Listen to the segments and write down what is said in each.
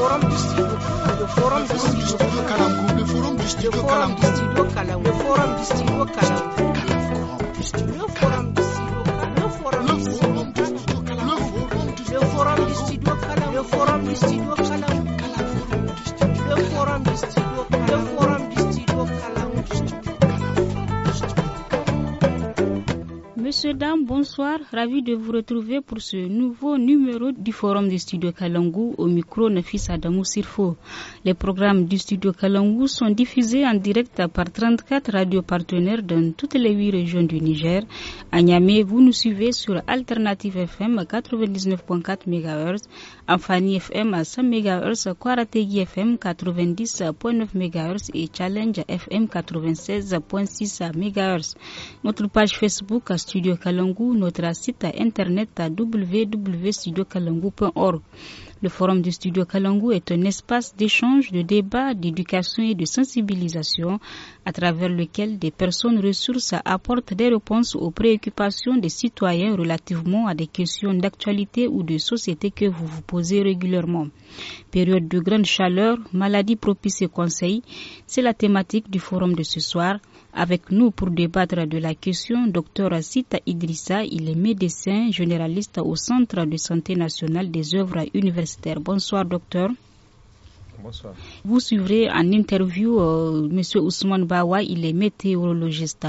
forum district the forum district kalam the forum district kalam the forum district kalam the forum district kalam Monsieur bonsoir. Ravi de vous retrouver pour ce nouveau numéro du Forum du Studio Kalangou au micro Nafis Adamou Sirfo. Les programmes du Studio Kalangou sont diffusés en direct par 34 radios partenaires dans toutes les 8 régions du Niger. À Niamey, vous nous suivez sur Alternative FM 99.4 MHz, Amphani FM à 100 MHz, Kwarategi FM 90.9 MHz et Challenge FM 96.6 MHz. Notre page Facebook à Studio Kalangu, notre site internet à www.studiokalangu.org. Le forum du studio Kalangu est un espace d'échange, de débat, d'éducation et de sensibilisation à travers lequel des personnes ressources apportent des réponses aux préoccupations des citoyens relativement à des questions d'actualité ou de société que vous vous posez régulièrement. Période de grande chaleur, maladies propice et conseils, c'est la thématique du forum de ce soir. Avec nous pour débattre de la question, Dr Asita Idrissa, il est médecin généraliste au Centre de santé nationale des œuvres universitaires. Bonsoir, docteur. Vous suivrez en interview euh, Monsieur Ousmane Bawa, il est météorologiste.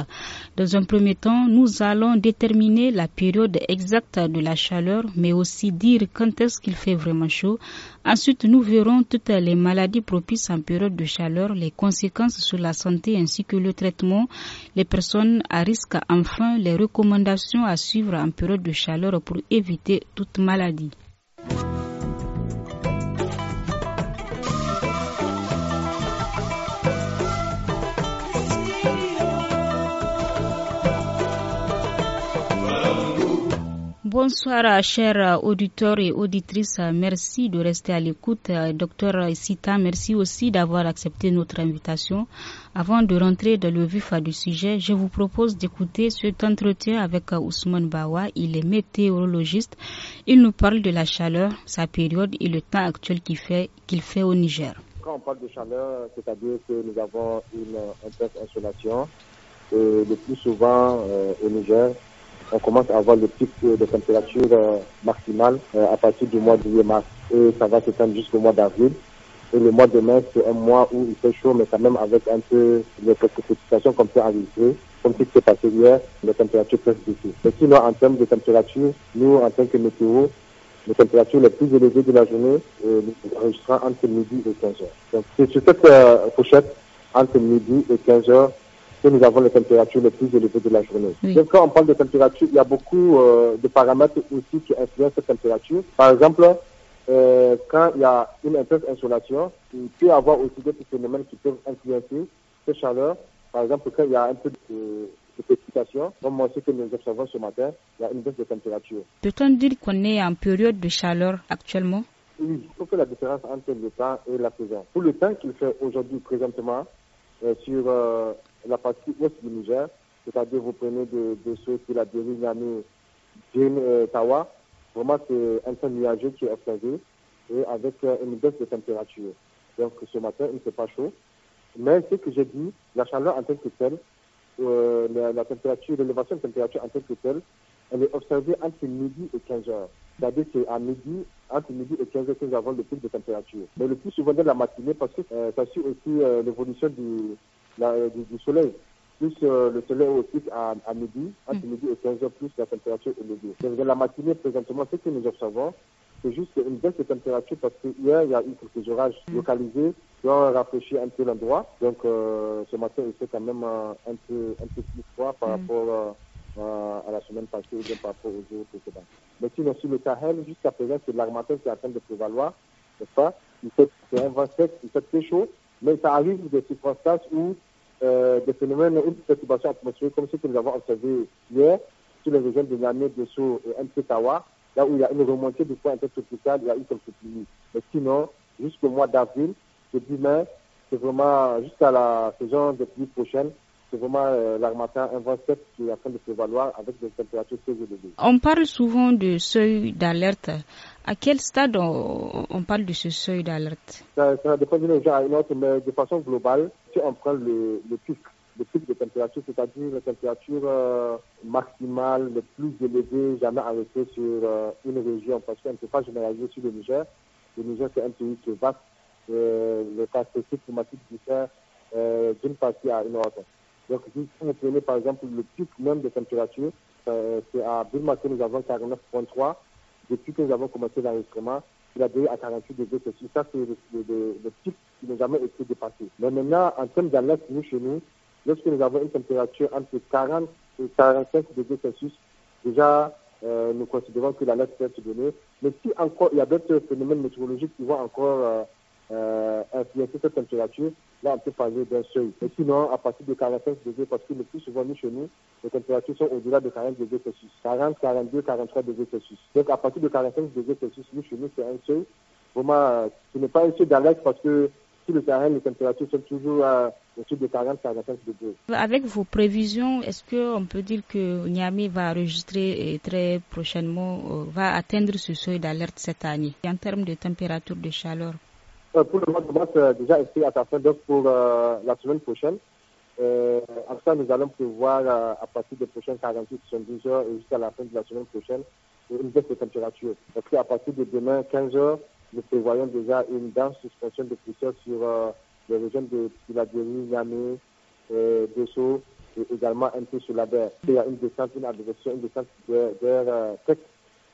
Dans un premier temps, nous allons déterminer la période exacte de la chaleur, mais aussi dire quand est-ce qu'il fait vraiment chaud. Ensuite, nous verrons toutes les maladies propices en période de chaleur, les conséquences sur la santé ainsi que le traitement, les personnes à risque, enfin les recommandations à suivre en période de chaleur pour éviter toute maladie. Bonsoir, chers auditeurs et auditrices. Merci de rester à l'écoute. Docteur Sita, merci aussi d'avoir accepté notre invitation. Avant de rentrer dans le vif du sujet, je vous propose d'écouter cet entretien avec Ousmane Bawa. Il est météorologiste. Il nous parle de la chaleur, sa période et le temps actuel qu'il fait, qu'il fait au Niger. Quand on parle de chaleur, c'est-à-dire que nous avons une intense insolation. Euh, le plus souvent euh, au Niger, on commence à avoir le pic de température euh, maximale euh, à partir du mois de juillet-mars. Et ça va se prendre jusqu'au mois d'avril. Et le mois de mai, c'est un mois où il fait chaud, mais quand même avec un peu de précipitations comme ça à Comme ce qui s'est passé hier, les températures peuvent baisser. Mais sinon, en termes de température, nous, en tant que météo, les températures les plus élevées de la journée, euh, enregistrera entre midi et 15 heures. Donc, c'est sur cette euh, fourchette, entre midi et 15 heures, que nous avons les températures les plus élevées de la journée. Donc quand on parle de température, il y a beaucoup euh, de paramètres aussi qui influencent cette température. Par exemple, euh, quand il y a une intense insolation, il peut y avoir aussi d'autres phénomènes qui peuvent influencer cette chaleur. Par exemple, quand il y a un peu de précipitation, comme moi ce que nous observons ce matin, il y a une baisse de température. Peut-on dire qu'on est en période de chaleur actuellement oui, il faut que la différence entre le temps et la présence. Pour le temps qu'il fait aujourd'hui présentement, euh, sur euh, la partie ouest du Niger, c'est-à-dire vous prenez de, ceux qui la dérive Yamé, Jim, euh, Tawa. Vraiment, c'est un temps nuageux qui est observé et avec une baisse de température. Donc ce matin, il ne fait pas chaud. Mais ce que j'ai dit, la chaleur en tant que telle, la, température, l'élévation de température en tant que telle, elle est observée entre midi et 15 heures. C'est-à-dire qu'à midi, entre midi et 15 heures, nous avons le pic de température. Mais le plus souvent dans la matinée, parce que euh, ça suit aussi euh, l'évolution du, soleil. Plus euh, le soleil au pic à, midi, entre midi et 15 heures, plus la température est élevée. dans la matinée, présentement, ce que nous observons, c'est juste une baisse de température parce que il y a eu quelques orages localisés qui ont rafraîchi un peu l'endroit. Donc, ce matin, il fait quand même un, peu, un peu plus froid par mm. rapport à la semaine passée ou bien par rapport aux jours Mais sinon, sur le Sahel, jusqu'à présent, c'est l'armateur qui est en train de prévaloir, c'est ce pas C'est un vent sec, il fait très chaud, mais ça arrive des circonstances où euh, des phénomènes ou des perturbations atmosphériques comme ceux que nous avons observés hier sur les régions de Niamey, de Sceaux et tawa, là où il y a une remontée du point intertropical, il y a eu quelques pluies. Mais sinon, jusqu'au mois d'avril, c'est mai, c'est vraiment jusqu'à la saison des pluies prochaine, c'est vraiment euh, l'armateur 1,27 qui est en train de prévaloir avec des températures très élevées. On parle souvent de seuil d'alerte. À quel stade on, parle de ce seuil d'alerte ça, ça, dépend d'une à une autre, mais de façon globale, si on prend le, le pic, pic de température, c'est-à-dire la température euh, maximale la plus élevée jamais arrêtée sur euh, une région, parce qu'on ne peut pas généraliser sur le Niger. Le Niger, c'est un pays qui est vaste, euh, les caractéristiques climatiques diffèrent d'une partie à une autre. Donc, si vous prenez par exemple le type même de température, euh, c'est à Burma que nous avons 49.3. Depuis que nous avons commencé l'enregistrement, il a donné à 48 degrés Celsius. Ça, c'est le, type qui n'a jamais été dépassé. Mais maintenant, en termes d'alerte, nous, chez nous, lorsque nous avons une température entre 40 et 45 degrés Celsius, déjà, euh, nous considérons que l'alerte peut être donnée. Mais si encore il y a d'autres phénomènes météorologiques qui vont encore. Euh, euh, influencer cette température, là, on peut parler d'un seuil. Et sinon, à partir de 45 degrés, parce que le plus souvent, nous, chez nous, les températures sont au-delà de 40 degrés Celsius. 40, 42, 43 degrés Celsius. Donc, à partir de 45 degrés Celsius, nous, chez nous, c'est un seuil. Vraiment, ce n'est pas un seuil d'alerte parce que sur le terrain, les températures sont toujours au-dessus de 40, 45 degrés. Avec vos prévisions, est-ce qu'on peut dire que Niamey va enregistrer et très prochainement, euh, va atteindre ce seuil d'alerte cette année en termes de température de chaleur euh, pour le moment, de mars, euh, déjà inscrit à ta fin, donc pour euh, la semaine prochaine. en ça, nous allons prévoir à partir des prochaines 48, 72 heures et jusqu'à la fin de la semaine prochaine, une baisse de température. Parce à partir de demain, 15 heures, nous prévoyons déjà une dense suspension de poussière sur les régions de Piladéry, Niamey, euh, Dessau, et également un peu sur la mer. Il y a une descente, une adversion, une descente vers, vers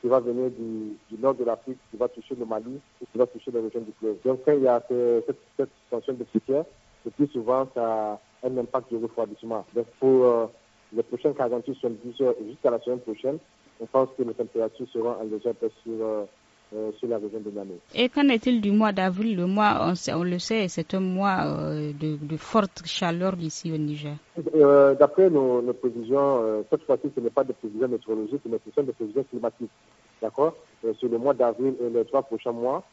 qui va venir du, du nord de l'Afrique, qui va toucher le Mali et qui va toucher les régions du fleuve. Donc quand il y a cette, cette tension de frontière, le plus souvent ça a un impact de refroidissement. Donc pour euh, les prochaines 48 huit heures jusqu'à la semaine prochaine, on pense que les températures seront en légère baisse sur euh, euh, sur la région de Et qu'en est-il du mois d'avril Le mois, on, le sait, c'est un mois euh, de, forte chaleur ici au Niger. Euh, d'après nos, nos, prévisions, cette fois-ci, ce n'est pas des prévisions météorologiques, mais ce sont des prévisions climatiques. D'accord Sur le mois d'avril et les trois prochains mois,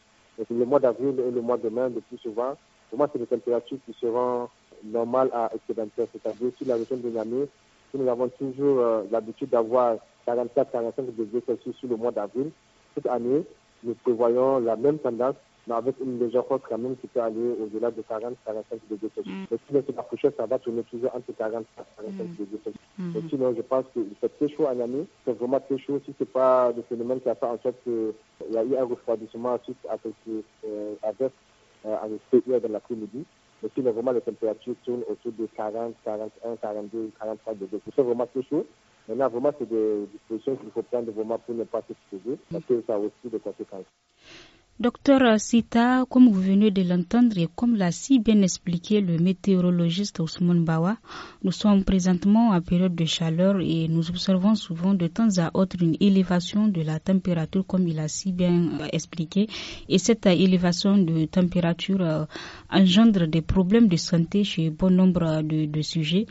sur le mois d'avril et le mois de mai, le plus souvent, pour moi, c'est des températures qui seront normales à excédentaires, c'est-à-dire sur la région de Niamey, nous avons toujours l'habitude d'avoir 44-45 degrés Celsius sur le mois d'avril. Cette année, nous prévoyons la même tendance, mais avec une légère hausse quand même qui peut aller au-delà de 40-45 degrés Celsius. Mm. Mais si c'est la prochaine, ça va tourner toujours entre 40 et 45 mm. degrés Celsius. Et mm. sinon, je pense qu'il fait très chaud en année. C'est vraiment très chaud si ce n'est pas le phénomène qui a fait en sorte qu'il euh, y a eu un refroidissement suite à euh, avec, euh, avec hier dans l'après-midi. mais sinon, vraiment, les températures tournent autour de 40, 41, 42, 43 degrés. C'est vraiment très chaud. Maintenant, vraiment, c'est des dispositions qu'il faut prendre pour ne pas s'exposer, parce que ça a aussi des conséquences. Docteur Sita, comme vous venez de l'entendre et comme l'a si bien expliqué le météorologiste Ousmane Bawa, nous sommes présentement en période de chaleur et nous observons souvent de temps à autre une élévation de la température comme il a si bien euh, expliqué. Et cette élévation de température euh, engendre des problèmes de santé chez bon nombre de, de sujets.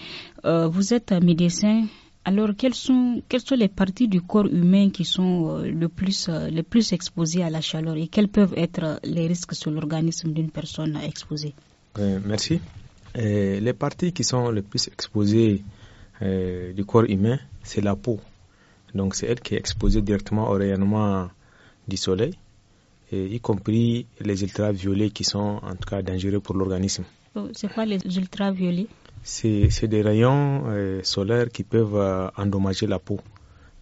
Euh, vous êtes médecin, alors, quelles sont, quelles sont les parties du corps humain qui sont euh, le plus, euh, le plus exposées à la chaleur et quels peuvent être euh, les risques sur l'organisme d'une personne exposée Merci. les parties qui sont les plus exposées du corps humain, c'est la peau. Donc, c'est elle qui est exposée directement au rayonnement du soleil, y compris les ultraviolets qui sont en tout cas dangereux pour l'organisme. C'est quoi les ultraviolets c'est des rayons euh, solaires qui peuvent euh, endommager la peau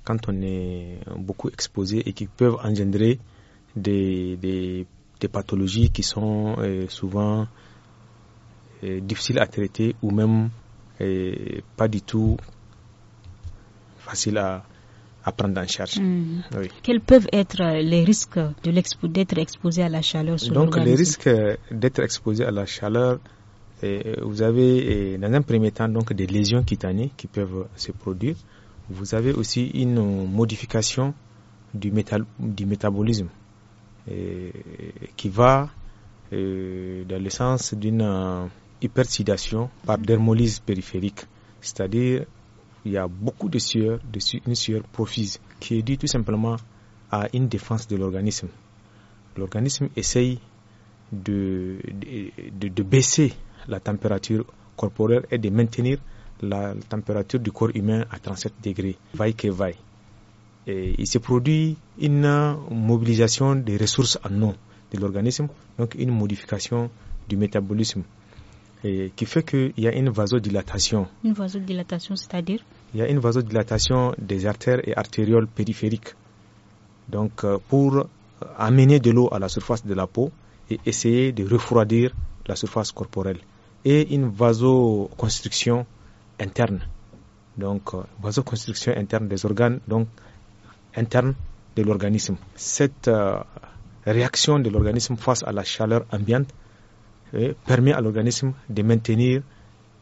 quand on est beaucoup exposé et qui peuvent engendrer des, des, des pathologies qui sont euh, souvent difficiles à traiter ou même pas du tout faciles à, prendre en charge. Mmh. Quels peuvent être les risques d'être exposé à la chaleur sur Donc les risques d'être exposé à la chaleur, euh, vous avez, dans un premier temps, donc des lésions cutanées qui peuvent se produire. Vous avez aussi une modification du, métabolisme qui va euh, dans le sens d'une hypersidation par dermolyse périphérique. C'est-à-dire, il y a beaucoup de sueur, une sueur profuse, qui est due tout simplement à une défense de l'organisme. L'organisme essaye de, de baisser la température corporelle et de maintenir la température du corps humain à 37 degrés, vaille que vaille. il se produit une mobilisation des ressources en eau de l'organisme, donc une modification du métabolisme, qui fait qu'il y a une vasodilatation. Une vasodilatation, c'est-à-dire Il y a une vasodilatation des artères et artérioles périphériques. Donc, euh, pour amener de l'eau à la surface de la peau et essayer de refroidir la surface corporelle et une vasoconstriction interne. Donc, euh, vasoconstriction interne des organes, donc interne de l'organisme. Cette euh, réaction de l'organisme face à la chaleur ambiante euh, permet à l'organisme de maintenir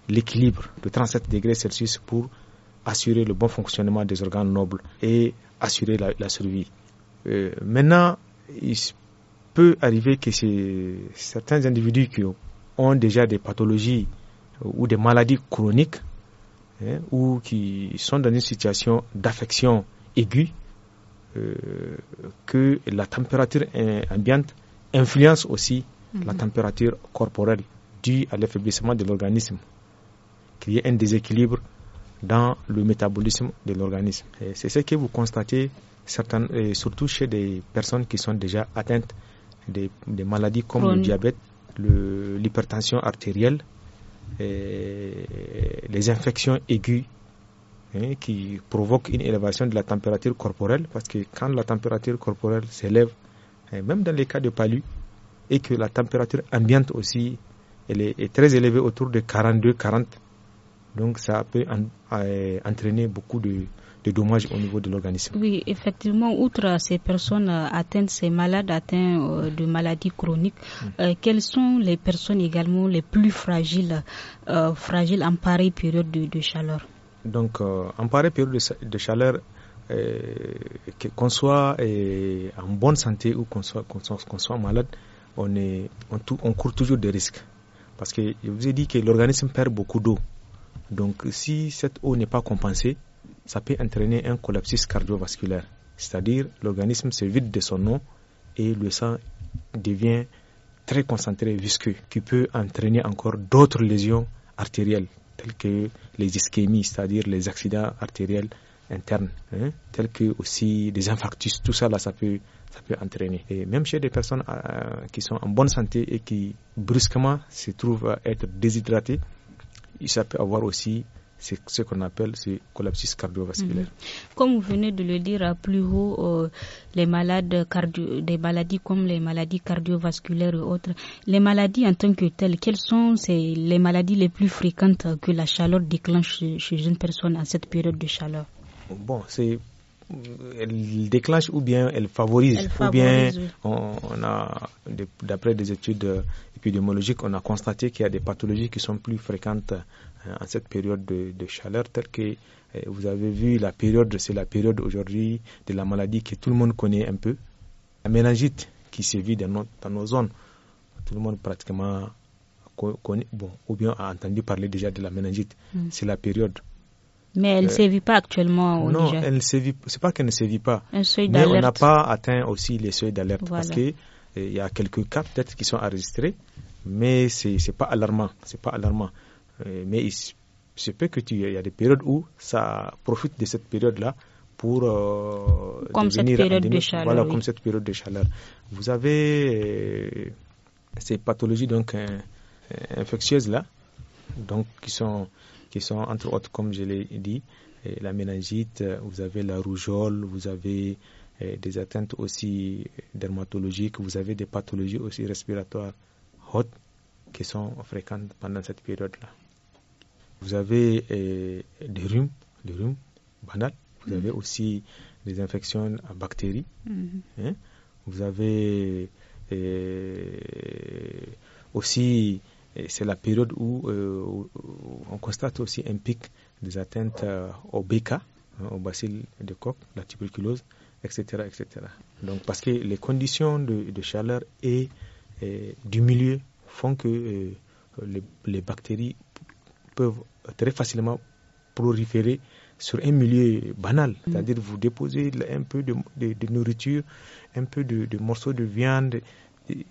l'équilibre de 37 degrés Celsius pour assurer le bon fonctionnement des organes nobles et assurer la, la survie. maintenant, il peut arriver que certains individus qui ont ont déjà des pathologies euh, ou des maladies chroniques hein, ou qui sont dans une situation d'affection aiguë euh, que la température ambiante influence aussi la mhm. température corporelle due à l'affaiblissement de l'organisme, qu'il y ait un déséquilibre dans le métabolisme de l'organisme. C'est ce que vous constatez surtout chez des personnes qui sont déjà atteintes des, maladies comme le diabète l'hypertension artérielle, les infections aiguës hein, qui provoquent une élévation de la température corporelle, parce que quand la température corporelle s'élève, hein, même dans les cas de palu, et que la température ambiante aussi elle est, très élevée autour de 42-40, donc ça peut euh, entraîner beaucoup de, de dommages au niveau de l'organisme. Oui, effectivement, outre ces personnes atteintes, ces malades atteints euh, de maladies chroniques, mm. euh, quelles sont les personnes également les plus fragiles, euh, fragiles en pareille période de, chaleur Donc, en pareille période de, chaleur, qu'on soit en bonne santé ou qu'on soit, soit, malade, on, est, on, court toujours des risques. Parce que je vous ai dit que l'organisme perd beaucoup d'eau. Donc si cette eau n'est pas compensée, ça peut entraîner un collapsus cardiovasculaire, c'est-à-dire l'organisme se vide de son eau et le sang devient très concentré, visqueux, qui peut entraîner encore d'autres lésions artérielles, telles que les ischémies, c'est-à-dire les accidents artériels internes, telles hein, tels que aussi des infarctus, tout ça là, ça peut, ça peut entraîner. Et même chez des personnes euh, qui sont en bonne santé et qui brusquement se trouvent à être déshydratées, ça peut avoir aussi c'est ce qu'on appelle collapsus cardiovasculaire. Mhm. Comme vous venez de le dire plus haut, euh, les des maladies comme les maladies cardiovasculaires et autres, les maladies en tant que telles, quelles sont les maladies les plus fréquentes que la chaleur déclenche chez, une personne à cette période de chaleur Bon, c'est elle déclenche ou bien elle favorise, ou bien on, a, d'après des études euh, épidémiologiques, on a constaté qu'il y a des pathologies qui sont plus fréquentes euh, en cette période de, chaleur, telle que euh, vous avez vu la période, c'est la période aujourd'hui de la maladie que tout le monde connaît un peu, la méningite qui sévit dans nos, dans nos zones. Tout le monde pratiquement connaît, bon, ou bien a entendu parler déjà de la méningite. Mm. C'est la période mais elle euh, ne sévit pas actuellement au non, elle ne sévit. C'est pas qu'elle ne sévit pas. Un seuil mais on n'a pas atteint aussi les seuils d'alerte parce que eh, il y a quelques cas peut-être qui sont enregistrés, mais c'est n'est pas alarmant. C'est pas alarmant. Euh, mais il se peut que tu y a des périodes où ça profite de cette période là pour euh, comme période de chaleur. Voilà, comme cette période de chaleur. Vous avez euh, ces pathologies donc infectieuses là, donc qui sont qui sont entre autres, comme je l'ai dit, eh, la méningite, euh, vous avez la rougeole, vous avez eh, des atteintes aussi dermatologiques, vous avez des pathologies aussi respiratoires hautes qui sont fréquentes pendant cette période-là. Vous avez eh, des rhumes, des rhumes banales. Vous avez mm-hmm. aussi des infections à bactéries. Mm-hmm. Hein. Vous avez aussi c'est la période où euh, on constate aussi un pic des atteintes euh, au BK, hein, au bacille de coque, la tuberculose, etc., etc. Donc, parce que les conditions de, chaleur et, du milieu font que euh, les, bactéries peuvent très facilement proliférer sur un milieu banal. Mm. C'est-à-dire vous déposez un peu de, nourriture, un peu de, morceaux de viande,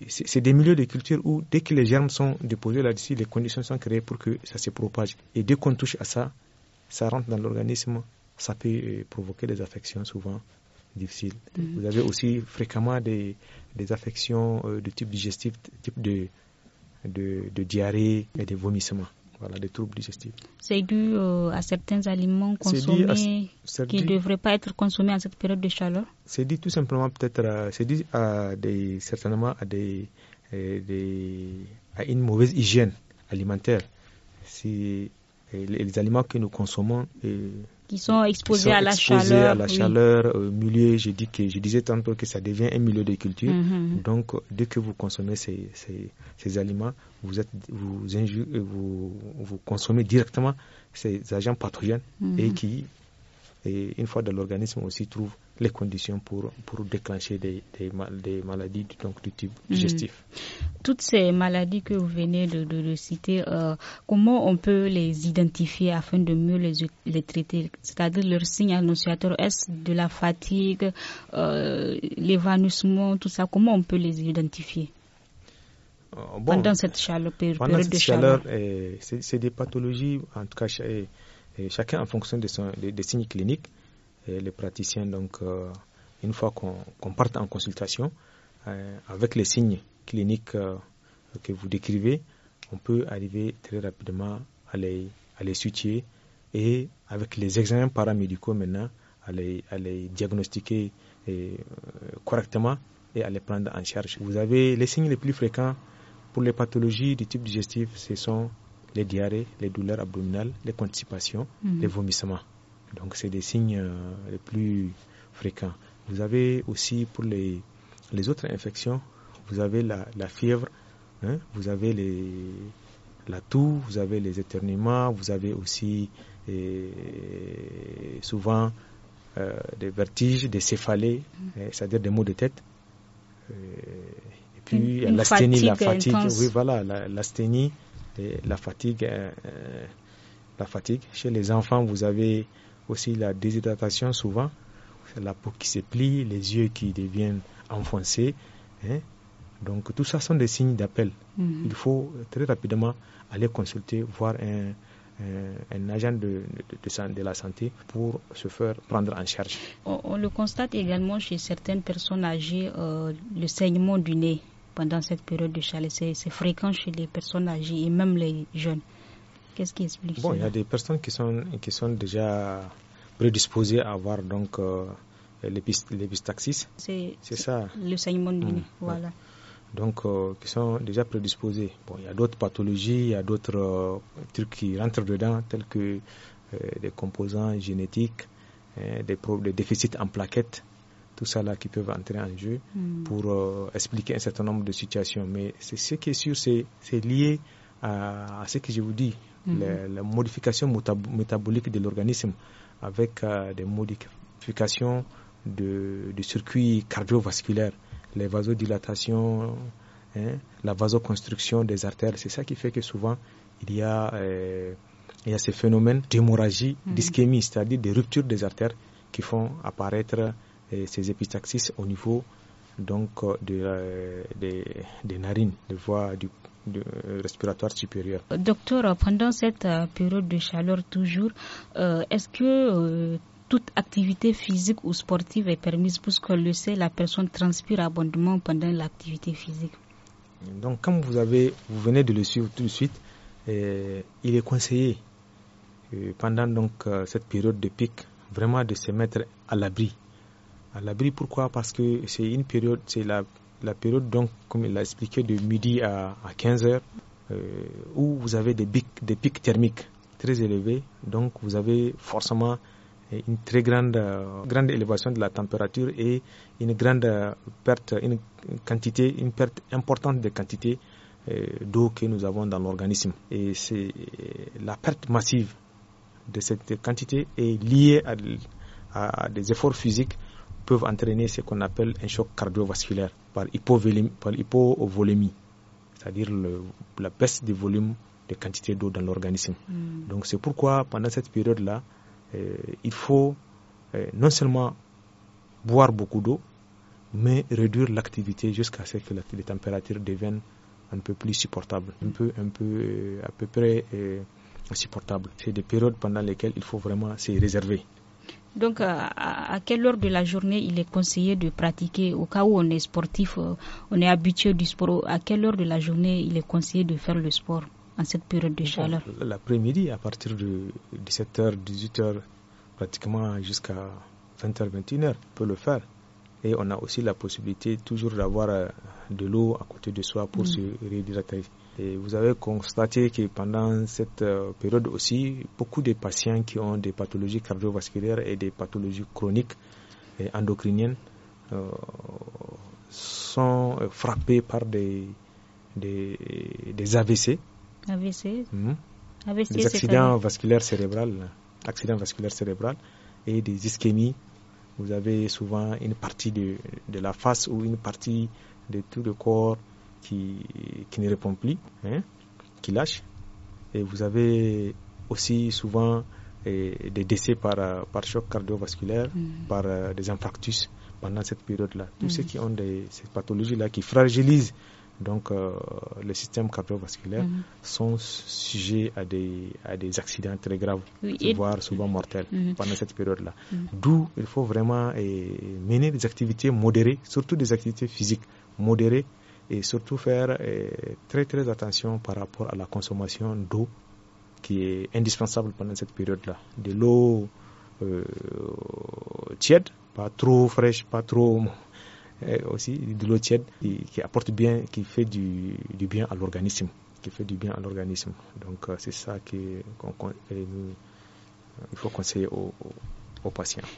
c'est des milieux de culture où dès que les germes sont déposés là-dessus, les conditions sont créées pour que ça se propage. Et dès qu'on touche à ça, ça rentre dans l'organisme, ça peut euh, provoquer des affections souvent difficiles. Mhm. Vous avez aussi fréquemment des, affections euh, de type digestif, type de, de, de diarrhée et de vomissements. Voilà, des troubles digestifs. C'est dû euh, à certains aliments consommés qui ne devraient pas être consommés en cette période de chaleur C'est dû tout simplement peut-être c'est à des, certainement à, euh, des, à une mauvaise hygiène alimentaire. Si, euh, les, aliments que nous consommons qui sont exposés, à, la chaleur, à la chaleur. au milieu, je, que, je disais tantôt que ça devient un milieu de culture. Mm-hmm. Donc, dès que vous consommez ces, aliments, vous, vous, vous, consommez directement ces agents pathogènes mm-hmm. et qui, et une fois dans l'organisme, aussi trouvent les conditions pour, pour déclencher des, des, maladies du type mhm. digestif. Toutes ces maladies que vous venez de, citer, euh, comment on peut les identifier afin de mieux les, les traiter C'est-à-dire leurs signes annonciateurs, est-ce de la fatigue, euh, l'évanouissement, tout ça Comment on peut les identifier euh, pendant cette chaleur, pendant cette chaleur, eh, c'est des pathologies, en tout cas, eh, eh, chacun en fonction de des signes cliniques les praticiens, donc, euh, une fois qu'on parte en consultation, euh, avec les signes cliniques euh, que vous décrivez, on peut arriver très rapidement à les, à les et avec les examens paramédicaux maintenant, à les, à les diagnostiquer correctement et à les prendre en charge. Vous avez les signes les plus fréquents pour les pathologies du type digestif, ce sont les diarrhées, les douleurs abdominales, les constipations, mm-hmm. les vomissements. Donc c'est des signes euh, les plus fréquents. Vous avez aussi pour les, autres infections, vous avez la, la fièvre, hein. vous avez les, la toux, vous avez les éternuements, vous avez aussi souvent euh, des vertiges, des céphalées, mm. c'est-à-dire des maux de tête. Euh, et puis l'asthénie, la fatigue, oui voilà, l'asthénie, la, fatigue, la fatigue. Chez les enfants, vous avez aussi la déshydratation souvent, la peau qui se plie, les yeux qui deviennent enfoncés. Hein. Donc tout ça sont des signes d'appel. Mm-hmm. Il faut très rapidement aller consulter, voir un, un, agent de, de, de, la santé pour se faire prendre en charge. On, le constate également chez certaines personnes âgées, euh, le saignement du nez pendant cette période de chaleur. C'est fréquent chez les personnes âgées et même les jeunes. Qu'est-ce qui Bon, il y a des personnes qui sont, qui sont déjà prédisposées à avoir donc euh, l'épistaxis. C'est ça. Le saignement mmh, de, voilà. Donc, euh, qui sont déjà prédisposées. Bon, il y a d'autres pathologies, il y a d'autres euh, trucs qui rentrent dedans, tels que des composants génétiques, des, déficits en plaquettes tout ça là qui peuvent entrer en jeu mmh. pour expliquer un certain nombre de situations. Mais ce qui est sûr, c'est lié à, ce que je vous dis, Mm-hmm. la, modification métabolique de l'organisme avec euh, des modifications de, du circuit cardiovasculaire, les vasodilatations, hein, la vasoconstruction des artères. C'est ça qui fait que souvent il y a, euh, il y a ces phénomènes d'hémorragie, mm-hmm. d'ischémie, c'est-à-dire des ruptures des artères qui font apparaître euh, ces épistaxis au niveau donc des, de, narines, des voies du, respiratoire supérieur. Docteur, pendant cette euh, période de chaleur toujours, euh, est-ce que euh, toute activité physique ou sportive est permise puisque le sait, la personne transpire abondamment pendant l'activité physique Donc comme vous, avez, vous venez de le suivre tout de suite, il est conseillé pendant donc cette période de pic vraiment de se mettre à l'abri. À l'abri pourquoi Parce que c'est une période, c'est la la période, donc, comme il l'a expliqué, de midi à, 15 heures, euh, où vous avez des, pics, des pics thermiques très élevés. Donc, vous avez forcément euh, une très grande, euh, grande élévation de la température et une grande perte, une quantité, une perte importante de quantité d'eau que nous avons dans l'organisme. Et c'est la perte massive de cette quantité est liée à des efforts physiques peuvent entraîner ce qu'on appelle un choc cardiovasculaire par, hypovolémie, c'est-à-dire la baisse du volume de quantité d'eau dans l'organisme. Mm. Donc c'est pourquoi pendant cette période-là, euh, il faut euh, non seulement boire beaucoup d'eau, mais réduire l'activité jusqu'à ce que la, les températures deviennent un peu plus supportables, un peu, un peu, euh, à peu près supportables. C'est des périodes pendant lesquelles il faut vraiment se réserver. Donc, euh, à, quelle heure de la journée il est conseillé de pratiquer Au cas où on est sportif, euh, on est habitué du sport, à quelle heure de la journée il est conseillé de faire le sport en cette période de chaleur L'après-midi, à partir de 17h, 18h, pratiquement jusqu'à 20h, 21h, on peut le faire. Et on a aussi la possibilité toujours d'avoir euh, de l'eau à côté de soi pour mm. se rafraîchir. Et vous avez constaté que pendant cette euh, période aussi, beaucoup de patients qui ont des pathologies cardiovasculaires et des pathologies chroniques et endocriniennes euh, sont euh, frappés par des, des, AVC. AVC, Des mhm. accidents vasculaires cérébrales, accidents vasculaires cérébrales et des ischémies. Vous avez souvent une partie de, de la face ou une partie de tout le corps qui, qui ne répond plus, hein, qui lâche. Et vous avez aussi souvent eh, des décès par, euh, par choc cardiovasculaire, mm. par euh, des infarctus pendant cette période-là. Tous mm. ceux qui ont des, ces pathologies-là qui fragilisent donc euh, le système cardiovasculaire mm. sont sujets à des, à des accidents très graves, voire souvent mortels pendant cette période-là. D'où il faut vraiment eh, mener des activités modérées, surtout des activités physiques modérées et surtout faire euh, très très attention par rapport à la consommation d'eau qui est indispensable pendant cette période-là. De l'eau euh, tiède, pas trop fraîche, pas trop euh, aussi, de l'eau tiède qui, apporte bien, qui fait du, bien à l'organisme, qui fait du bien à l'organisme. Donc c'est ça qu'il il faut conseiller aux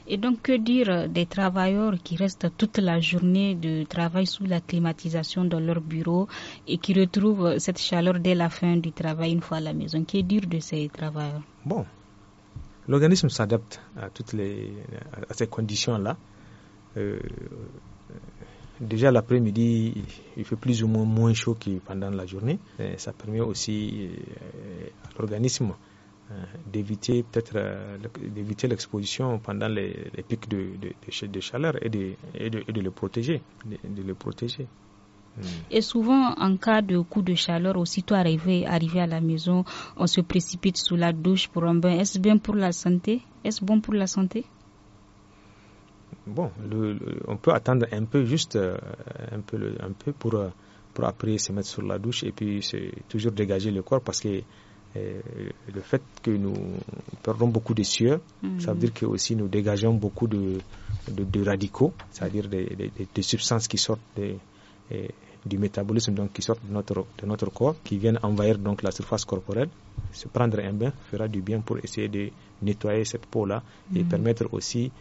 et donc, que dire des travailleurs qui restent toute la journée de travail sous la climatisation dans leur bureau et qui retrouvent cette chaleur dès la fin du travail une fois à la maison Que dire de ces travailleurs Bon, l'organisme s'adapte à toutes les à ces conditions-là. Euh, déjà l'après-midi, il fait plus ou moins moins chaud que pendant la journée. ça permet aussi euh, à l'organisme euh, d'éviter peut-être euh, d'éviter l'exposition pendant les, pics de, de, chaleur et de, et de, le protéger. De, le protéger. Hmm. Et souvent, en cas de coup de chaleur, aussitôt arrivé, arrivé à la maison, on se précipite sous la douche pour un bain. Est-ce bien pour la santé Est-ce bon pour la santé Bon, on peut attendre un peu, juste euh, un peu, un peu pour, pour après se mettre sous la douche et puis toujours dégager le corps parce que le fait que nous perdons beaucoup de sueur, ça veut mhm. dire que aussi nous dégageons beaucoup de, radicaux, c'est-à-dire des, substances qui sortent du métabolisme, donc qui sortent de notre, corps, qui viennent envahir donc la surface corporelle. Se prendre un bain fera du bien pour essayer de nettoyer cette peau-là et mhm. permettre aussi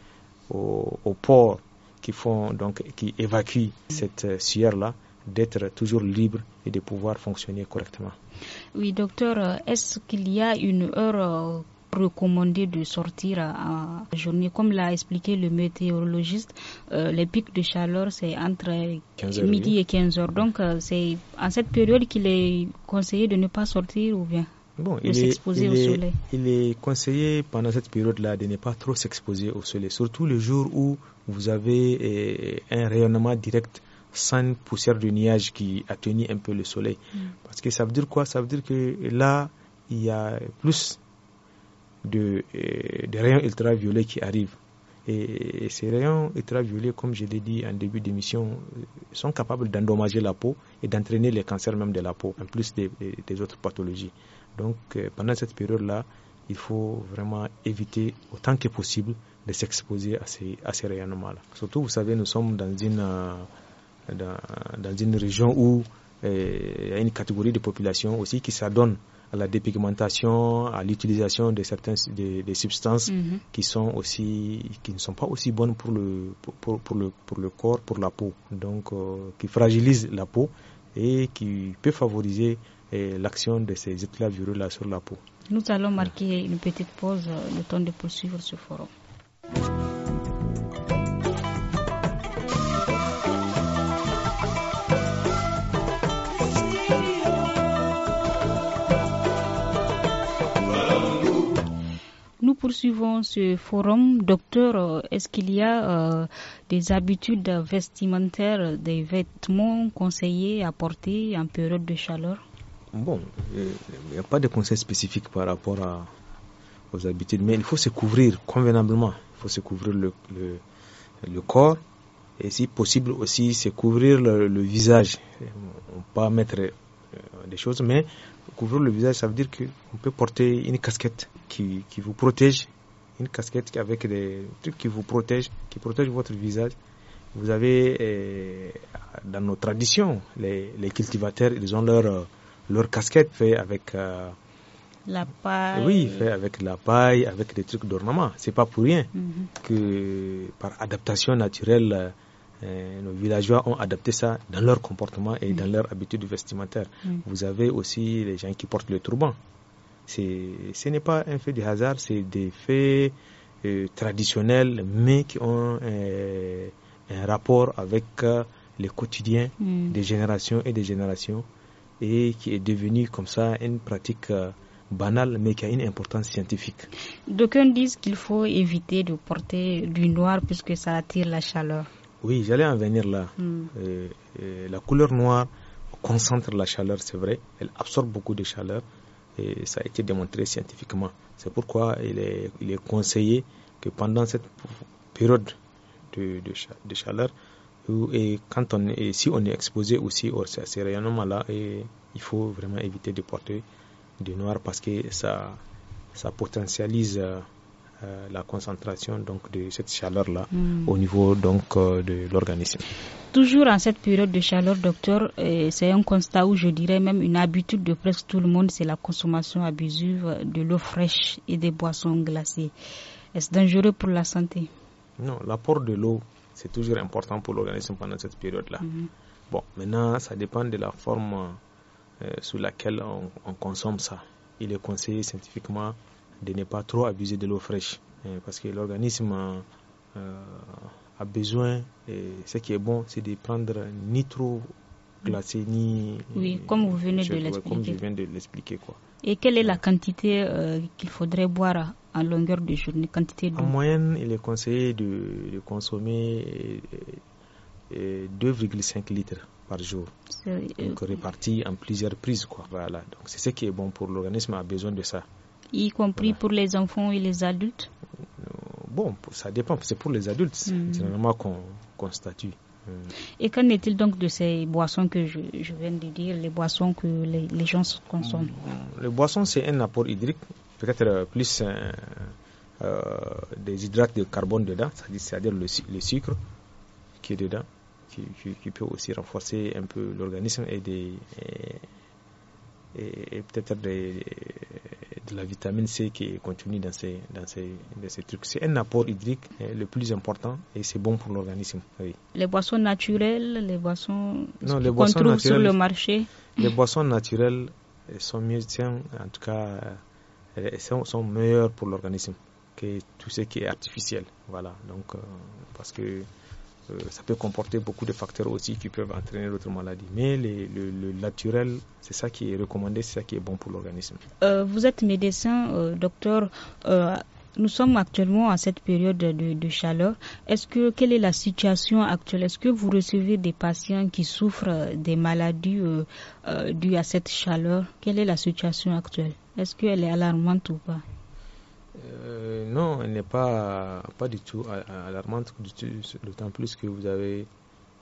aux, pores qui font donc qui évacuent cette euh, sueur-là d'être toujours libre et de pouvoir fonctionner correctement. Oui, docteur, est-ce qu'il y a une heure euh, recommandée de sortir en journée. Comme l'a expliqué le météorologiste, euh, les pics de chaleur, c'est entre midi et 15 heures. Donc, euh, c'est en cette période qu'il est conseillé de ne pas sortir ou bien de s'exposer au soleil. il est conseillé pendant cette période-là de ne pas trop s'exposer au soleil, surtout le jour où vous avez eh, un rayonnement direct sans poussière de nuage qui atténue un peu le soleil. Mm. Parce que ça veut dire quoi Ça veut dire que là, il y a plus de, euh, rayons ultraviolets qui arrivent. Et, ces rayons ultraviolets, comme je l'ai dit en début d'émission, euh, sont capables d'endommager la peau et d'entraîner les cancers même de la peau, en plus des, des autres pathologies. Donc euh, pendant cette période-là, il faut vraiment éviter autant que possible de s'exposer à ces, à ces là Surtout, vous savez, nous sommes dans une dans, une région où eh, il y a une catégorie de population aussi qui s'adonne à la dépigmentation, à l'utilisation de certaines des, substances mhm. qui sont aussi qui ne sont pas aussi bonnes pour le pour, pour le pour le corps, pour la peau, donc euh, qui fragilise la peau et qui peut favoriser eh, l'action de ces éclats viraux là sur la peau. Nous allons marquer une petite pause, euh, le temps de poursuivre ce forum. Suivant ce forum, docteur, euh, est-ce qu'il y a euh, des habitudes vestimentaires, des vêtements conseillés à porter en période de chaleur Bon, euh, il n'y a pas de conseils spécifiques par rapport aux habitudes, mais il faut se couvrir convenablement. Il faut se couvrir le, le, corps et si possible aussi se couvrir le, visage. On ne pas mettre des choses, mais Couvrir le visage, ça veut dire qu'on peut porter une casquette qui, qui, vous protège, une casquette avec des trucs qui vous protègent, qui protègent votre visage. Vous avez, euh, dans nos traditions, les, les, cultivateurs, ils ont leur, euh, leur casquette faite avec... Euh, la paille. Oui, fait avec la paille, avec des trucs d'ornement. C'est pas pour rien mm-hmm. que par adaptation naturelle, eh, nos villageois ont adapté ça dans leur comportement et dans leur habitude vestimentaire. Vous avez aussi les gens qui portent le turban. Ce n'est pas un fait de hasard, c'est des faits euh, traditionnels, mais qui ont euh, un rapport avec euh, le quotidien des générations et des générations, et qui est devenu comme ça une pratique banale mais qui a une importance scientifique. D'aucuns disent qu'il faut éviter de porter du noir puisque ça attire la chaleur. Oui, j'allais en venir là. Hmm. Euh, euh, la couleur noire concentre la chaleur, c'est vrai. Elle absorbe beaucoup de chaleur et ça a été démontré scientifiquement. C'est pourquoi il est, est, conseillé que pendant cette période de, de, chaleur, et quand on est, si on est exposé aussi au, à ces rayonnements-là, il faut vraiment éviter de porter du noir parce que ça, ça potentialise euh, euh, la concentration donc de cette chaleur là mm. au niveau donc euh, de l'organisme. Toujours en cette période de chaleur, docteur, euh, c'est un constat où je dirais même une habitude de presque tout le monde, c'est la consommation abusive de l'eau fraîche et des boissons glacées. Est-ce dangereux pour la santé Non, l'apport de l'eau, c'est toujours important pour l'organisme pendant cette période-là. Mm-hmm. Bon, maintenant, ça dépend de la forme sous laquelle on consomme ça. Il est conseillé scientifiquement de ne pas trop abuser de l'eau fraîche. Eh, parce que l'organisme euh, a besoin, et ce qui est bon, c'est de prendre ni trop glacé ni. Oui, comme vous venez de l'expliquer. je viens de l'expliquer. quoi. Et quelle est la quantité euh, qu'il faudrait boire en longueur de journée quantité En moyenne, il est conseillé de, consommer 2,5 litres par jour. Donc euh, réparti en plusieurs prises. Quoi. Voilà. Donc c'est ce qui est bon pour l'organisme, a besoin de ça y compris pour les enfants et les adultes euh, Bon, ça dépend, c'est pour les adultes, c'est hmm. normalement qu'on constate euh. Et qu'en est-il donc de ces boissons que je, viens de dire, les boissons que les, gens consomment hmm, hmm. Les boissons, c'est un apport hydrique, peut-être euh, plus des hydrates de carbone dedans, c'est-à-dire le, sucre qui est dedans, qui, peut aussi renforcer un peu l'organisme et des, et, peut-être de, de, la vitamine C qui est contenue dans ces, dans ces, dans ces trucs. C'est un apport hydrique hein, le plus important et c'est bon pour l'organisme. Les boissons naturelles, les boissons qu'on trouve sur le marché Les boissons naturelles sont mieux, en tout cas, euh, sont, sont meilleures pour l'organisme que tout ce qui est artificiel. Voilà, donc, euh, parce que euh, ça peut comporter beaucoup de facteurs aussi qui peuvent entraîner d'autres maladies. Mais le, naturel, c'est ça qui est recommandé, c'est ça qui est bon pour l'organisme. Euh, vous êtes médecin, euh, docteur. nous sommes actuellement à cette période de, de chaleur. Est-ce que quelle est la situation actuelle Est-ce que vous recevez des patients qui souffrent des maladies dues à cette chaleur Quelle est la situation actuelle Est-ce qu'elle est alarmante ou pas euh, non, elle n'est pas, pas du tout alarmante, d'autant plus que vous avez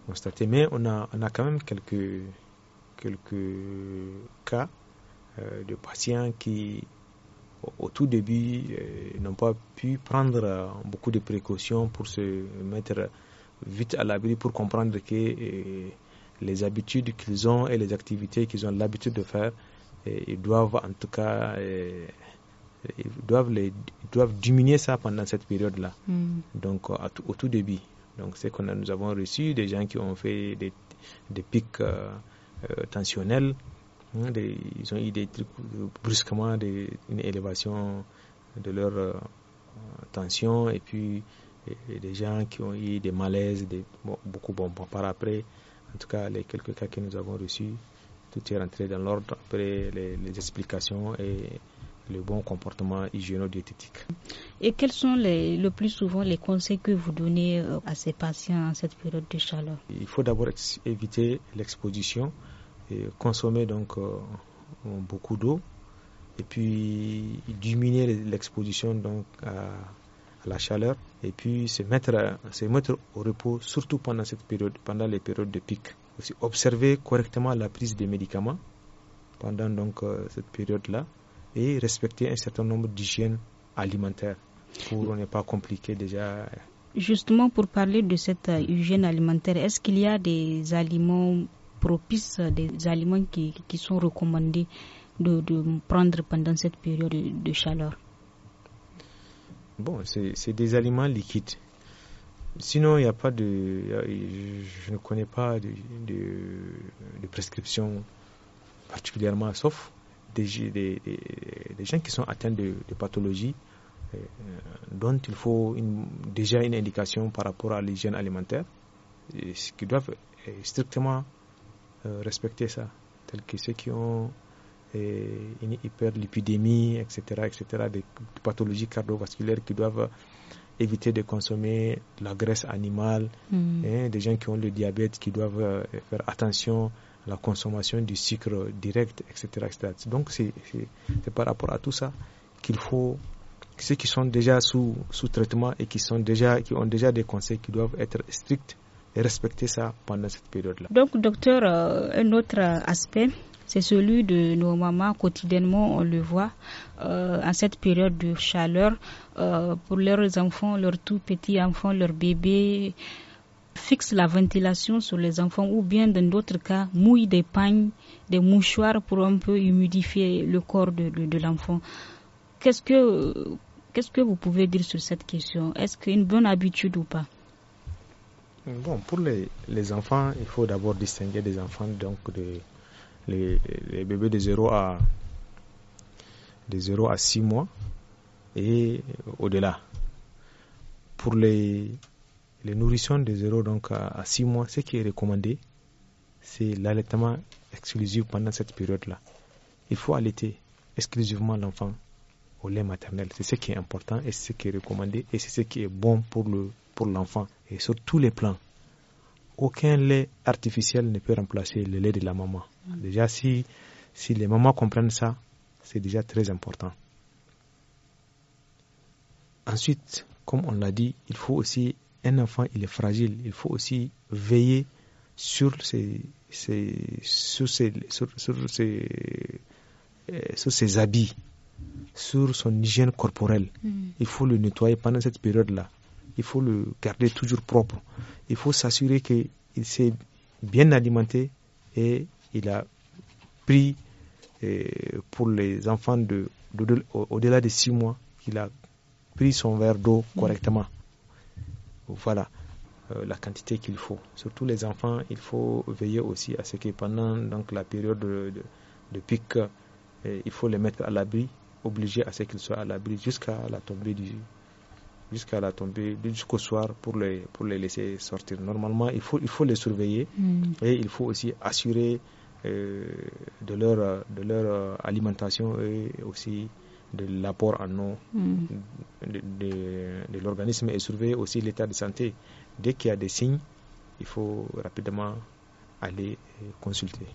constaté. Mais on a, on a quand même quelques, quelques cas euh, de patients qui, au, tout début, euh, n'ont pas pu prendre beaucoup de précautions pour se mettre vite à l'abri pour comprendre que les habitudes qu'ils ont et les activités qu'ils ont l'habitude de faire, ils doivent en tout cas ils doivent, les, doivent diminuer ça pendant cette période-là. Mm. Donc, euh, à, au tout début. Donc, c'est que nous avons reçu des gens qui ont fait des, des pics euh, euh, tensionnels. Hein, ils ont eu des trucs brusquement, une élévation de leur tension. Et puis, des gens qui ont eu des malaises, des, beaucoup bon, par après. En tout cas, les quelques cas que nous avons reçus, tout est rentré dans l'ordre après les, les explications et le bon comportement hygiéno-diététique. Et quels sont les, le plus souvent les conseils que vous donnez euh, à ces patients en cette période de chaleur Il faut d'abord éviter l'exposition et consommer donc euh, beaucoup d'eau et puis diminuer l'exposition donc à, la chaleur et puis se mettre, se mettre au repos surtout pendant cette période, pendant les périodes de pic. Aussi observer correctement la prise des médicaments pendant donc euh, cette période-là et respecter un certain nombre d'hygiènes alimentaires pour ne pas compliquer déjà. Euh, Justement, pour parler de cette euh, hygiène alimentaire, est-ce qu'il y a des aliments propices, euh, des aliments qui, sont recommandés de, prendre pendant cette période de, chaleur Bon, c'est des aliments liquides. Sinon, il n'y a pas de. je ne connais pas de, de, de prescription particulièrement, sauf des, gens qui sont atteints de, pathologies euh, dont il faut déjà une indication par rapport à l'hygiène alimentaire, ce qui doivent euh, strictement euh, respecter ça, tels que ceux qui ont une hyperlipidémie, etc., etc., des pathologies cardiovasculaires qui doivent éviter de consommer la graisse animale, hmm. hein, des gens qui ont le diabète qui doivent faire attention la consommation du sucre direct, etc. etc. Donc c'est par rapport à tout ça qu'il faut ceux qui sont déjà sous, sous traitement et qui, sont déjà, qui ont déjà des conseils qui doivent être stricts et respecter ça pendant cette période-là. Donc, docteur, euh, un autre aspect, c'est celui de nos mamans. Quotidiennement, on le voit euh, en cette période de chaleur euh, pour leurs enfants, leurs tout petits enfants, leurs bébés fixe la ventilation sur les enfants ou bien dans d'autres cas mouille des pagnes, des mouchoirs pour un peu humidifier le corps de, l'enfant. Qu'est-ce que, qu'est-ce que vous pouvez dire sur cette question Est-ce qu'une bonne habitude ou pas Bon, pour les, les enfants, il faut d'abord distinguer des enfants, donc de, les, les, bébés de 0 à, de 0 à 6 mois et au-delà. Pour les les nourrissons de 0 donc à 6 mois, ce qui est recommandé, c'est l'allaitement exclusif pendant cette période-là. Il faut allaiter exclusivement l'enfant au lait maternel. C'est ce qui est important et c'est ce qui est recommandé et c'est ce qui est bon pour le pour l'enfant et sur tous les plans. Aucun lait artificiel ne peut remplacer le lait de la maman. Déjà si si les mamans comprennent ça, c'est déjà très important. Ensuite, comme on l'a dit, il faut aussi un enfant, il est fragile. Il faut aussi veiller sur ses, sur ses, euh, sur, ses, habits, sur son hygiène corporelle. Mm. Il faut le nettoyer pendant cette période-là. Il faut le garder toujours propre. Il faut s'assurer qu'il s'est bien alimenté et il a pris euh, pour les enfants de, au-delà de six mois, qu'il a pris son verre d'eau mm. correctement voilà euh, la quantité qu'il faut. Surtout les enfants, il faut veiller aussi à ce que pendant donc, la période de, de, pic, eh, il faut les mettre à l'abri, obliger à ce qu'ils soient à l'abri jusqu'à la tombée du jusqu'à la tombée jusqu'au soir pour les pour les laisser sortir normalement il faut il faut les surveiller mm. et il faut aussi assurer euh, de leur de leur euh, alimentation et aussi de l'apport en eau mm. de, l'organisme et surveiller aussi l'état de santé. Dès qu'il y a des signes, il faut rapidement aller euh, consulter.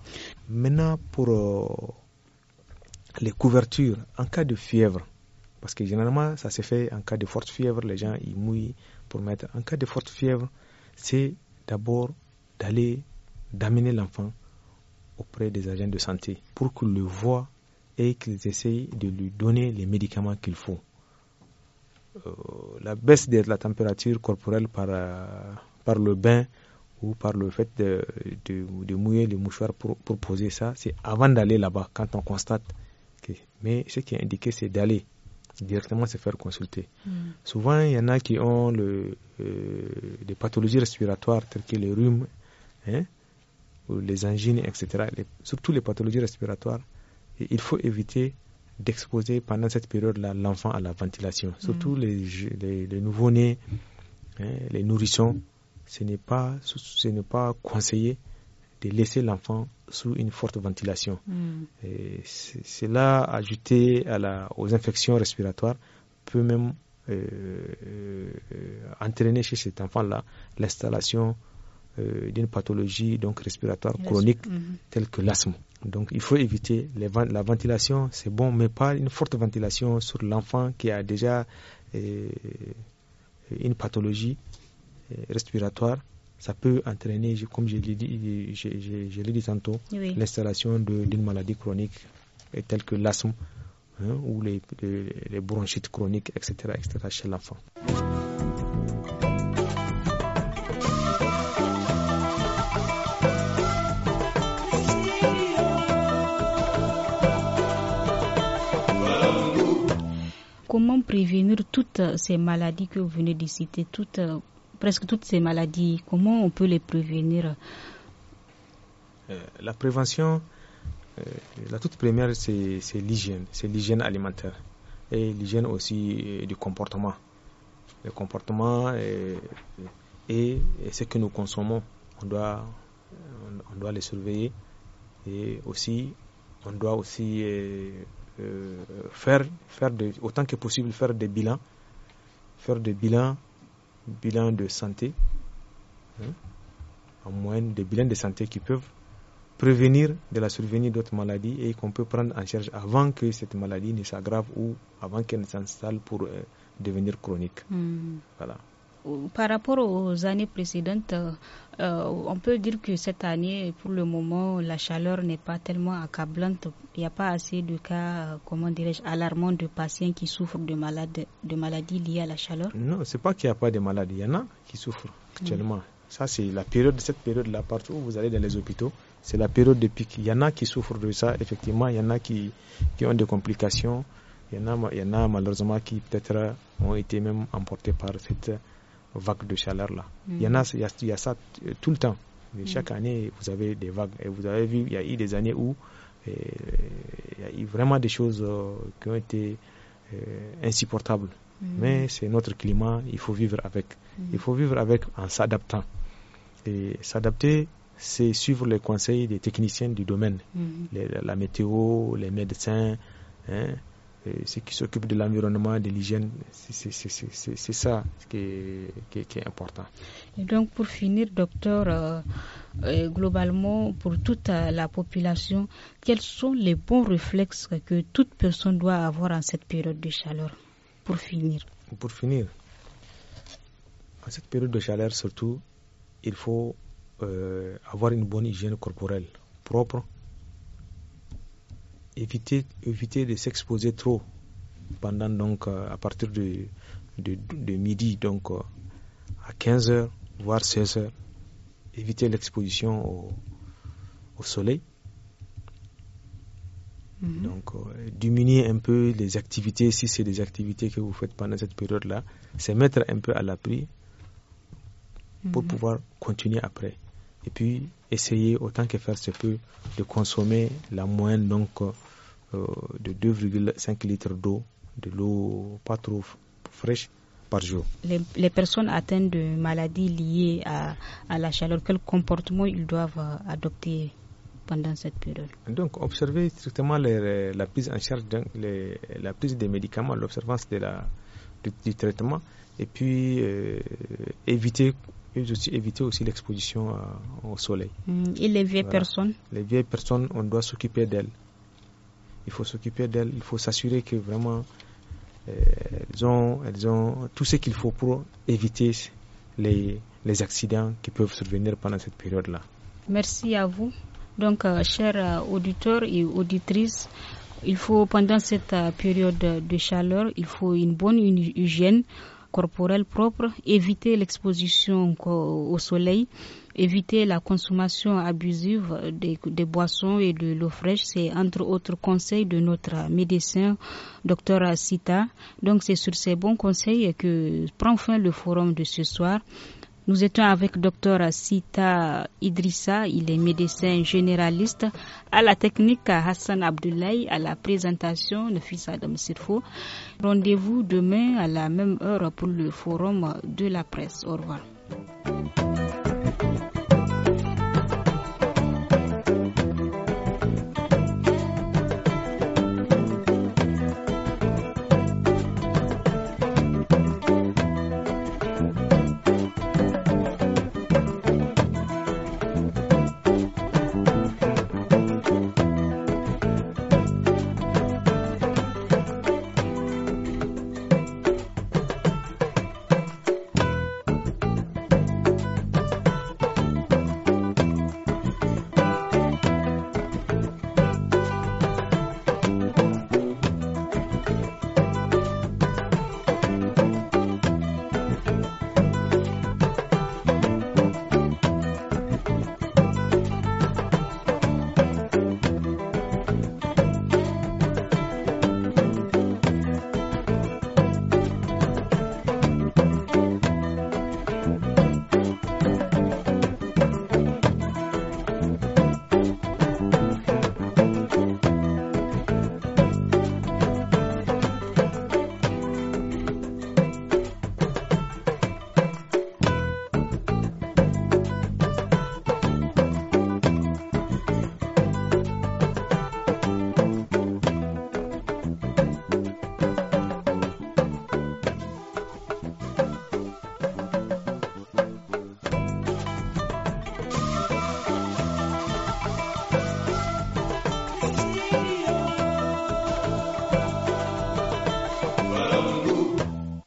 Maintenant, pour euh, les couvertures, en cas de fièvre, parce que généralement, ça se fait en cas de forte fièvre, les gens ils mouillent pour mettre. En cas de forte fièvre, c'est d'abord d'aller, d'amener l'enfant auprès des agents de santé pour qu'ils le voient et qu'ils essayent de lui donner les médicaments qu'il faut. Euh, la baisse de la température corporelle par, euh, par le bain ou par le fait de, de, mouiller les mouchoir pour, pour poser ça, c'est avant d'aller là-bas, quand on constate. Que, mais ce qui est indiqué, c'est d'aller directement se faire consulter. Mm. Souvent, il y en a qui ont le, euh, des pathologies respiratoires telles que les rhumes, hein, les angines, etc. surtout les pathologies respiratoires il faut éviter d'exposer pendant cette période-là l'enfant à la ventilation. Mm. Surtout les, les, nés hein, les nourrissons, ce n'est pas, ce pas conseillé de laisser l'enfant sous une forte ventilation. Mm. Cela, ajouté aux infections respiratoires, peut même euh, euh, entraîner chez cet enfant-là l'installation euh, d'une pathologie donc respiratoire chronique mm-hmm. telle que l'asthme. Donc il faut éviter la ventilation, c'est bon, mais pas une forte ventilation sur l'enfant qui a déjà euh, une pathologie euh, respiratoire. Ça peut entraîner, comme je l'ai dit, tantôt, l'installation d'une maladie chronique telle que l'asthme hein, ou les, bronchites chroniques, etc., etc. chez l'enfant. comment prévenir toutes ces maladies que vous venez de citer, toutes, euh, presque toutes ces maladies Comment on peut les prévenir euh, La prévention, euh, la toute première, c'est l'hygiène, c'est l'hygiène alimentaire et l'hygiène aussi du comportement. Le comportement et, ce que nous consommons, on doit, on, doit les surveiller et aussi on doit aussi euh, faire, faire de, autant que possible faire des bilans, faire des bilans, bilans de santé, hein, en moyenne des bilans de santé qui peuvent prévenir de la survenue d'autres maladies et qu'on peut prendre en charge avant que cette maladie ne s'aggrave ou avant qu'elle ne s'installe pour euh, devenir chronique. Hmm. Voilà par rapport aux années précédentes, euh, on peut dire que cette année, pour le moment, la chaleur n'est pas tellement accablante. Il n'y a pas assez de cas, euh, comment dirais-je, alarmants de patients qui souffrent de, malades, de maladies liées à la chaleur. Non, c'est pas qu'il n'y a pas de maladies. Il y en a qui souffrent actuellement. Mm. Ça, c'est la période, cette période-là, partout où vous allez dans les hôpitaux, c'est la période de pic. Il y en a qui souffrent de ça, effectivement. Il y en a qui, qui ont des complications. y en a, il y en a malheureusement qui, peut-être, ont été même emportés par cette vagues de chaleur là. Mm-hmm. Il y en a, y, a ça euh, tout le temps. Mais mm-hmm. chaque année, vous avez des vagues. Et vous avez vu, il y a eu des années où euh, il y a eu vraiment des choses euh, qui ont été insupportables. Mm-hmm. Mais c'est notre climat, il faut vivre avec. Il faut vivre avec en s'adaptant. Et s'adapter, c'est suivre les conseils des techniciens du domaine, la météo, les médecins, hein, ceux qui s'occupent de l'environnement, de l'hygiène. C'est ça qui est, qui est, important. Et donc, pour finir, docteur, euh, euh, globalement, pour toute euh, la population, quels sont les bons réflexes que toute personne doit avoir en cette période de chaleur Pour finir. Pour finir, en cette période de chaleur, surtout, il faut avoir une bonne hygiène corporelle propre éviter, éviter de s'exposer trop pendant donc euh, à partir de, de, midi donc euh, à 15 h voire 16 h éviter l'exposition au, soleil. Mhm. Donc, euh, diminuer un peu les activités, si c'est des activités que vous faites pendant cette période-là, c'est mettre un peu à l'abri pour mhm. pouvoir continuer après et puis essayer autant que faire se peut de consommer la moyenne donc euh, de 2,5 litres d'eau, de l'eau pas trop fraîche par jour. Les, personnes atteintes de maladies liées à, la chaleur, quel comportement ils doivent euh, adopter pendant cette période. Donc, observer strictement la prise en charge, la prise des médicaments, l'observance de la, du, traitement, et puis euh, éviter et aussi éviter aussi l'exposition euh, au soleil. Mm, et les vieilles personnes Les vieilles personnes, on doit s'occuper d'elles. Il faut s'occuper d'elles, il faut s'assurer que vraiment euh, elles ont, elles ont tout ce qu'il faut pour éviter les, les accidents qui peuvent survenir pendant cette période-là. Merci à vous. Donc, euh, chers auditeurs et auditrices, il faut pendant cette période de chaleur, il faut une bonne hygiène corporel propre, éviter l'exposition au soleil, éviter la consommation abusive des, boissons et de l'eau fraîche. C'est entre autres conseils de notre médecin, docteur Sita. Donc c'est sur ces bons conseils que prend fin le forum de ce soir. Nous étions avec Dr Sita Idrissa, il est médecin généraliste, à la technique Hassan Abdoulaye, à la présentation de fils Adam Sirfo. Rendez-vous demain à la même heure pour le forum de la presse. Au revoir.